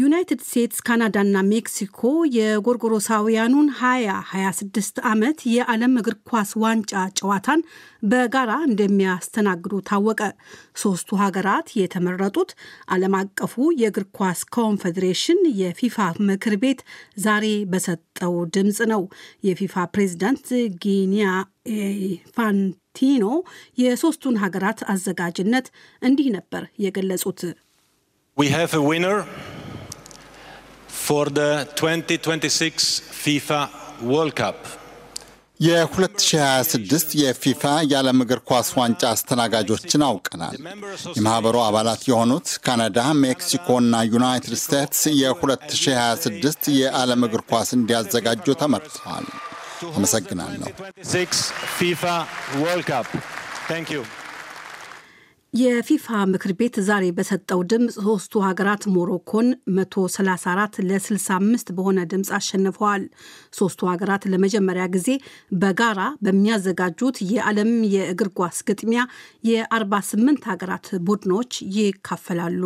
ዩናይትድ ስቴትስ፣ ካናዳና ሜክሲኮ የጎርጎሮሳውያኑን 2026 ዓመት የዓለም እግር ኳስ ዋንጫ ጨዋታን በጋራ እንደሚያስተናግዱ ታወቀ። ሶስቱ ሀገራት የተመረጡት ዓለም አቀፉ የእግር ኳስ ኮንፌዴሬሽን የፊፋ ምክር ቤት ዛሬ በሰጠው ድምፅ ነው። የፊፋ ፕሬዚዳንት ጊኒያ ኢንፋንቲኖ የሶስቱን ሀገራት አዘጋጅነት እንዲህ ነበር የገለጹት። We have a winner. for the 2026 FIFA World Cup የ2026 የፊፋ የዓለም እግር ኳስ ዋንጫ አስተናጋጆችን አውቀናል። የማኅበሩ አባላት የሆኑት ካናዳ፣ ሜክሲኮ እና ዩናይትድ ስቴትስ የ2026 የዓለም እግር ኳስ እንዲያዘጋጁ ተመርጠዋል። አመሰግናለሁ። የፊፋ ምክር ቤት ዛሬ በሰጠው ድምፅ ሶስቱ ሀገራት ሞሮኮን 134 ለ65 በሆነ ድምፅ አሸንፈዋል። ሶስቱ ሀገራት ለመጀመሪያ ጊዜ በጋራ በሚያዘጋጁት የዓለም የእግር ኳስ ግጥሚያ የ48 ሀገራት ቡድኖች ይካፈላሉ።